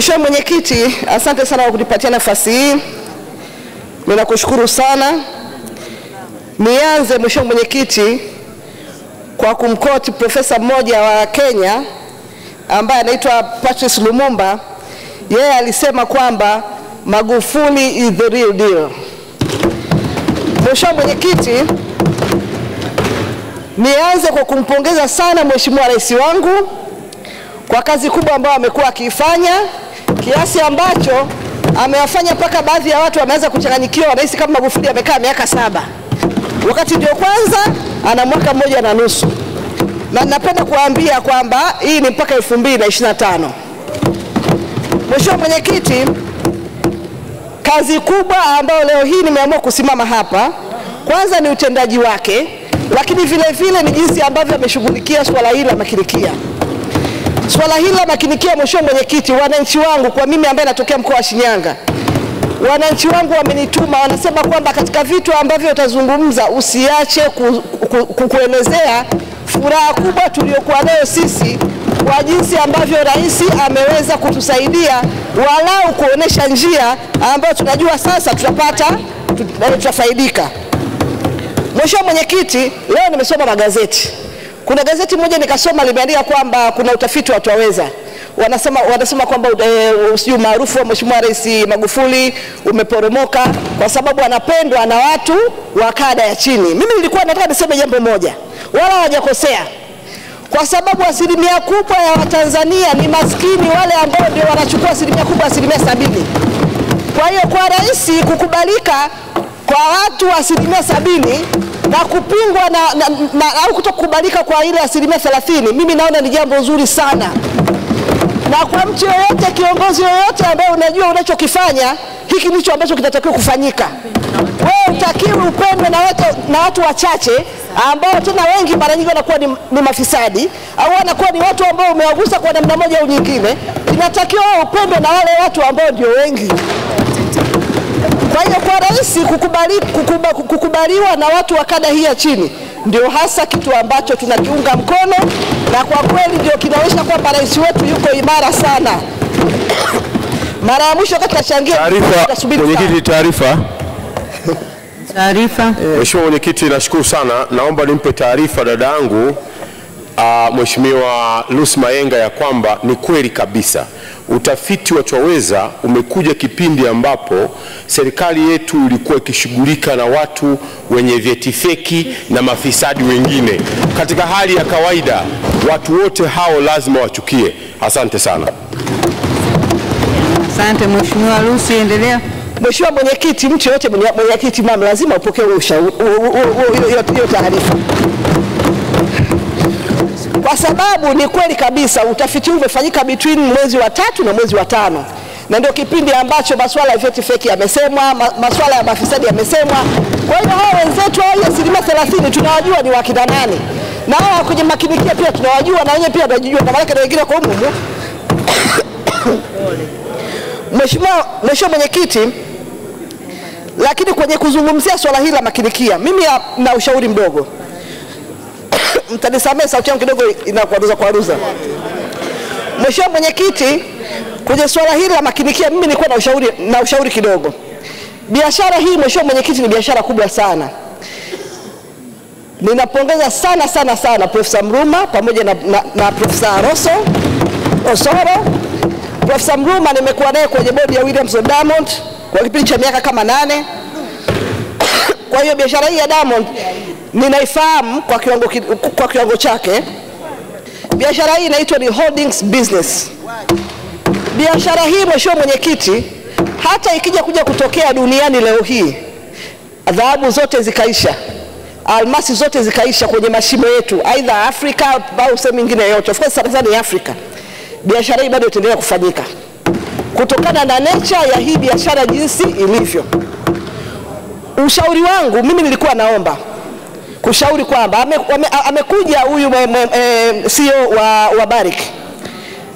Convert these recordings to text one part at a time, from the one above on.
Mheshimiwa Mwenyekiti, asante sana kwa kunipatia nafasi hii, ninakushukuru sana. Nianze Mheshimiwa Mwenyekiti kwa kumkoti profesa mmoja wa Kenya ambaye anaitwa Patrice Lumumba. Yeye alisema kwamba Magufuli is the real deal. Mheshimiwa Mwenyekiti, nianze kwa kumpongeza sana Mheshimiwa Rais wangu kwa kazi kubwa ambayo amekuwa akiifanya kiasi ambacho amewafanya mpaka baadhi ya watu wameanza kuchanganyikiwa, wanahisi kama Magufuli amekaa miaka saba wakati ndio kwanza ana mwaka mmoja na nusu, na napenda kuambia kwamba hii ni mpaka 2025. na Mheshimiwa Mwenyekiti, kazi kubwa ambayo leo hii nimeamua kusimama hapa, kwanza ni utendaji wake, lakini vile vile ni jinsi ambavyo ameshughulikia suala hili la makirikia. Swala hili la makinikia, mheshimiwa mwenyekiti, wananchi wangu, kwa mimi ambaye natokea mkoa wa Shinyanga, wananchi wangu wamenituma, wanasema kwamba katika vitu ambavyo utazungumza usiache ku, ku, ku, furaha kubwa tuliyokuwa nayo sisi kwa jinsi ambavyo rais ameweza kutusaidia walau kuonesha njia ambayo tunajua sasa tutapata tutafaidika. Mheshimiwa mwenyekiti, leo nimesoma magazeti kuna gazeti moja nikasoma limeandika kwamba kuna utafiti watu waweza wanasema, wanasema kwamba eh, sijui e, maarufu wa Mheshimiwa Rais Magufuli umeporomoka kwa sababu anapendwa na watu wa kada ya chini. Mimi nilikuwa nataka niseme jambo moja, wala hawajakosea kwa sababu asilimia kubwa ya Watanzania ni maskini, wale ambao ndio wanachukua asilimia kubwa, asilimia sabini. Kwa hiyo kwa rais kukubalika kwa watu asilimia sabini na kupingwa na, na, na, au kutokubalika kwa ile asilimia thelathini, mimi naona ni jambo zuri sana, na kwa mtu yoyote, kiongozi yoyote ambaye unajua unachokifanya hiki ndicho ambacho kinatakiwa kufanyika. Wewe utakiwa upendwe na watu, na watu wachache ambao tena wengi mara nyingi wanakuwa ni, ni mafisadi au wanakuwa ni watu ambao umewagusa kwa namna moja au nyingine. Inatakiwa upendwe na wale watu ambao ndio wengi. Kwa hiyo kwa rais kukubali, kukuba, kukubaliwa na watu wa kada hii ya chini ndio hasa kitu ambacho tunakiunga mkono, na kwa kweli ndio kinaonyesha kwamba rais wetu yuko imara sana. Mara ya mwisho wakati achangia mwenyekiti, taarifa taarifa. Eh, Mheshimiwa mwenyekiti, nashukuru sana, naomba nimpe taarifa dada yangu ah, Mheshimiwa Lucy Mayenga ya kwamba ni kweli kabisa Utafiti wa Chaweza umekuja kipindi ambapo serikali yetu ilikuwa ikishughulika na watu wenye vyeti feki na mafisadi wengine. Katika hali ya kawaida, watu wote hao lazima wachukie. Asante sana. Asante Mheshimiwa Lusi, endelea. Mheshimiwa Mwenyekiti, mtu yoyote mwenyekiti mama lazima upokee hiyo taarifa kwa sababu ni kweli kabisa utafiti huu umefanyika between mwezi wa tatu na mwezi wa tano na ndio kipindi ambacho masuala ya vyeti feki yamesemwa, masuala ya mafisadi yamesemwa. Kwa hiyo hao wenzetu hao asilimia thelathini tunawajua ni wakina nani, na hao kwenye makinikia pia tunawajua, na wenyewe pia tunajijua, na maana wengine kwa umumu. Mheshimiwa Mheshimiwa Mwenyekiti, lakini kwenye kuzungumzia swala hili la makinikia, mimi na ushauri mdogo mtanisamee sauti yangu kidogo inakwaruza kwaruza. Mheshimiwa Mwenyekiti, kwenye swala hili la makinikia, mimi nilikuwa na ushauri, na ushauri kidogo. Biashara hii Mheshimiwa Mwenyekiti, ni biashara kubwa sana. Ninapongeza sana sana sana Profesa Mruma pamoja na, na, na Profesa Rosso Osoro. Profesa Mruma nimekuwa naye kwenye bodi ya Williams and Diamond kwa kipindi cha miaka kama nane. kwa hiyo biashara hii ya Diamond ninaifahamu kwa kiwango, kwa kiwango chake. Biashara hii inaitwa ni holdings business. Biashara hii Mheshimiwa Mwenyekiti, hata ikija kuja kutokea duniani leo hii, dhahabu zote zikaisha, almasi zote zikaisha kwenye mashimo yetu, aidha Afrika au sehemu nyingine yoyote, of course sana sana ni Afrika, biashara hii bado itaendelea kufanyika kutokana na nature ya hii biashara jinsi ilivyo. Ushauri wangu mimi nilikuwa naomba kushauri kwamba amekuja ame huyu e, CEO wa, wa Barrick,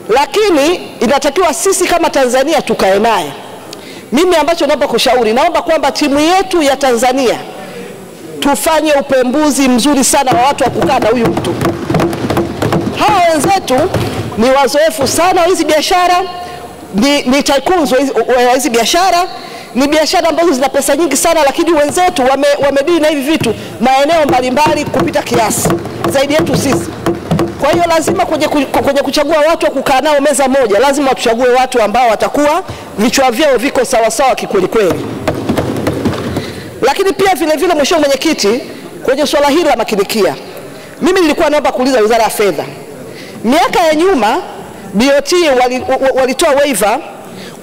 lakini inatakiwa sisi kama Tanzania tukae naye. Mimi ambacho naomba kushauri, naomba kwamba timu yetu ya Tanzania tufanye upembuzi mzuri sana wa watu wa kukaa na huyu mtu. Hawa wenzetu ni wazoefu sana wa hizi biashara, ni, ni tycoons wa hizi biashara ni biashara ambazo zina pesa nyingi sana, lakini wenzetu wame, wamedili na hivi vitu maeneo mbalimbali kupita kiasi zaidi yetu sisi. Kwa hiyo lazima kwenye, kwenye kuchagua watu wa kukaa nao meza moja, lazima tuchague watu ambao watakuwa vichwa vyao viko sawasawa kikwelikweli. Lakini pia vilevile, Mheshimiwa Mwenyekiti, kwenye swala hili la makinikia, mimi nilikuwa naomba kuuliza Wizara ya Fedha, miaka ya nyuma BOT walitoa wali waiver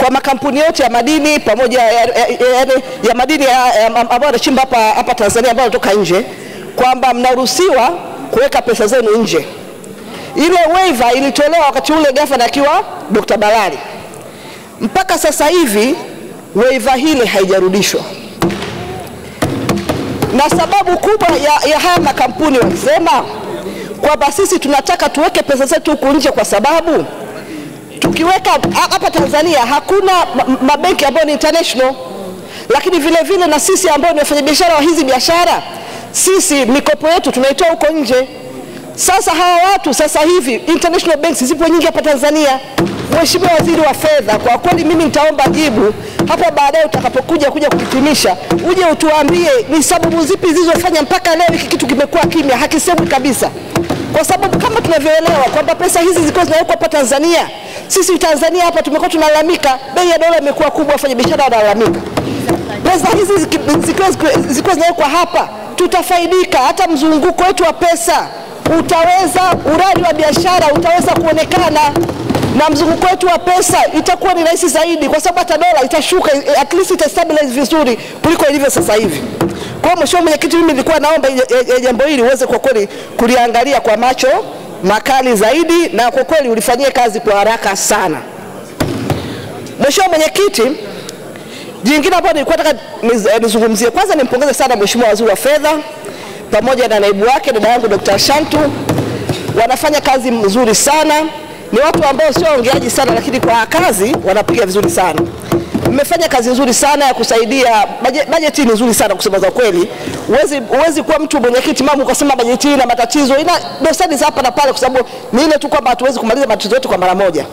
kwa makampuni yote ya madini pamoja ya, ya, ya, ya madini ambayo yanachimba hapa hapa Tanzania ambayo yanatoka nje kwamba mnaruhusiwa kuweka pesa zenu nje. Ile waiver ilitolewa wakati ule gavana akiwa Dr. Balali. Mpaka sasa hivi waiver hile haijarudishwa, na sababu kubwa ya, ya haya makampuni wakisema kwamba sisi tunataka tuweke pesa zetu huku nje kwa sababu tukiweka hapa Tanzania hakuna mabenki ambayo ni international, lakini vile vile na sisi ambao ni wafanyabiashara wa hizi biashara, sisi mikopo yetu tunaitoa huko nje. Sasa hawa watu sasa hivi international banks zipo nyingi hapa Tanzania. Mheshimiwa Waziri wa Fedha, kwa kweli mimi nitaomba jibu hapo baadaye utakapokuja kuja kuhitimisha, uje utuambie ni sababu zipi zilizofanya mpaka leo hiki kitu kimekuwa kimya, hakisemwi kabisa, kwa sababu kama tunavyoelewa kwamba pesa hizi zilikuwa zinawekwa hapa Tanzania sisi Tanzania hapa tumekuwa tunalalamika, bei ya dola imekuwa kubwa, biashara wanalalamika. Pesa hizi zikiwa zinawekwa hapa, tutafaidika. Hata mzunguko wetu wa pesa utaweza, urari wa biashara utaweza kuonekana na mzunguko wetu wa pesa itakuwa ni rahisi zaidi, kwa sababu hata dola itashuka, eh, at least stabilize vizuri kuliko ilivyo sasa hivi. Kwa hiyo, mheshimiwa mwenyekiti, mimi nilikuwa naomba eh, eh, jambo hili uweze kwa kweli kuliangalia kwa macho makali zaidi, na kwa kweli ulifanyia kazi kwa haraka sana. Mheshimiwa Mwenyekiti, jingine ambalo nilikuwa nataka eh, nizungumzie, kwanza nimpongeze sana Mheshimiwa Waziri wa Fedha pamoja na naibu wake dada yangu Dr. Shantu, wanafanya kazi mzuri sana. Ni watu ambao sio ongeaji sana, lakini kwa kazi wanapiga vizuri sana mmefanya kazi nzuri sana ya kusaidia bajeti. Ni nzuri sana kusema za kweli, huwezi uwezi kuwa mtu mwenyekiti mama ukasema bajeti ina matatizo, ina dosari za hapa na pale, kwa sababu ni ile tu kwamba hatuwezi kumaliza matatizo yote kwa mara moja,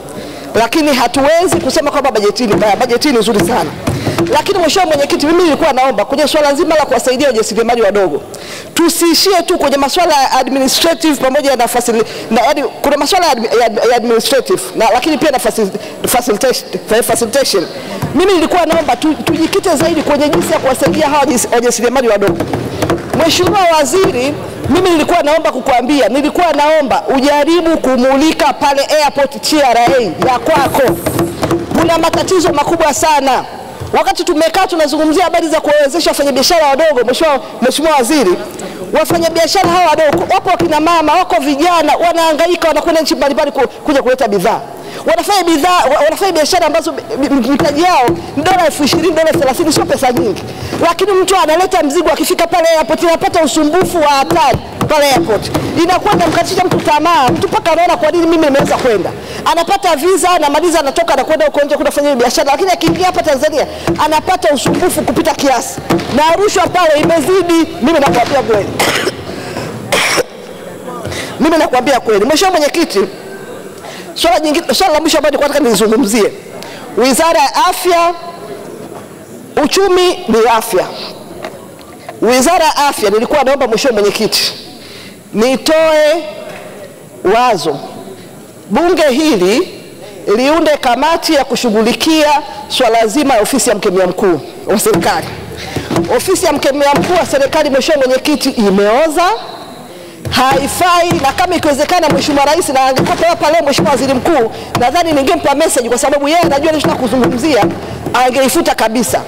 lakini hatuwezi kusema kwamba bajeti ni mbaya. Bajeti ni nzuri sana. Lakini mheshimiwa mwenyekiti, mimi nilikuwa naomba kwenye swala nzima la kuwasaidia wajasiriamali wadogo tusiishie tu kwenye masuala ya administrative pamoja na, facil, na yani, kuna masuala ya, ya, ya administrative na, lakini pia na facilitation, facilitation. Mimi nilikuwa naomba tu, tujikite zaidi kwenye jinsi ya kuwasaidia hawa wajasiriamali wadogo. Mheshimiwa Waziri, mimi nilikuwa naomba kukuambia, nilikuwa naomba ujaribu kumulika pale airport TRA ya kwako, kuna matatizo makubwa sana Wakati tumekaa tunazungumzia habari za kuwawezesha wafanyabiashara wadogo, Mheshimiwa Waziri, wafanyabiashara hawa wadogo wapo wakina mama, wako vijana, wanahangaika, wanakwenda nchi mbalimbali kuja kuleta bidhaa wanafanya bidhaa, wanafanya biashara ambazo mtaji yao ni dola elfu ishirini dola thelathini sio pesa nyingi, lakini mtu analeta mzigo, akifika pale airport anapata usumbufu wa hatari pale airport, inakuwa inamkatisha mtu tamaa, mtu mpaka anaona kwa nini mimi nimeweza kwenda. Anapata visa, anamaliza, anatoka, anakwenda huko nje kwenda kufanya biashara, lakini akiingia hapa Tanzania anapata usumbufu kupita kiasi, na rushwa pale imezidi. Mimi nakwambia kweli, mimi nakwambia kweli, Mheshimiwa Mwenyekiti. Swala jingine, swala la mwisho ambalo nataka nizungumzie, wizara ya afya, uchumi ni afya. Wizara ya afya, nilikuwa naomba mheshimiwa mwenyekiti nitoe wazo, bunge hili liunde kamati ya kushughulikia swala zima ya ofisi ya mkemia mkuu wa serikali. Ofisi ya mkemia mkuu wa serikali, mheshimiwa mwenyekiti, imeoza haifai, na kama ikiwezekana, Mheshimiwa Rais na angekuwa hapa leo Mheshimiwa Waziri Mkuu, nadhani ningempa message, kwa sababu yeye anajua ninachotaka kuzungumzia, angeifuta kabisa.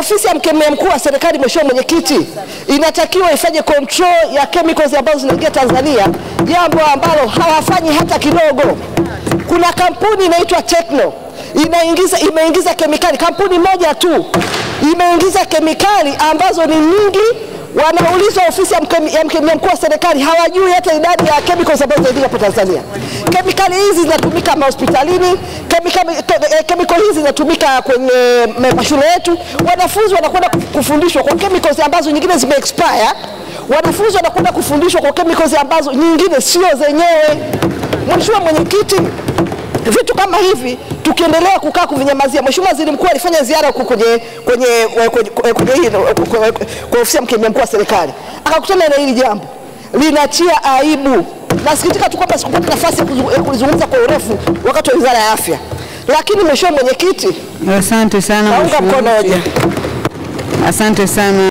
Ofisi ya mkemia mkuu wa serikali, Mheshimiwa Mwenyekiti, inatakiwa ifanye control ya chemicals ambazo zinaingia Tanzania, jambo ambalo hawafanyi hata kidogo. Kuna kampuni inaitwa Techno inaingiza imeingiza kemikali, kampuni moja tu imeingiza kemikali ambazo ni nyingi wanaulizwa ofisi ya mkemia mkuu wa serikali, hawajui hata idadi ya chemicals ambazo zinaingia hapa Tanzania. Kemikali hizi zinatumika mahospitalini, kemikali hizi zinatumika kwenye mashule yetu. Wanafunzi wanakwenda kufundishwa kwa chemicals ambazo nyingine zime expire. Wanafunzi wanakwenda kufundishwa kwa chemicals ambazo nyingine sio zenyewe. Mheshimiwa Mwenyekiti, Vitu kama hivi tukiendelea kukaa kuvinyamazia. Mheshimiwa Waziri Mkuu alifanya ziara huko kwenye kwenye eh, eh, kwenye kwa ofisi ya mkemia mkuu wa serikali akakutana na hili jambo, linatia aibu. Nasikitika tu kwamba sikupata nafasi ya eh, kulizungumza kwa urefu wakati wa wizara ya afya, lakini mheshimiwa mwenyekiti, asante sana. Naunga mkono hoja. Asante sana.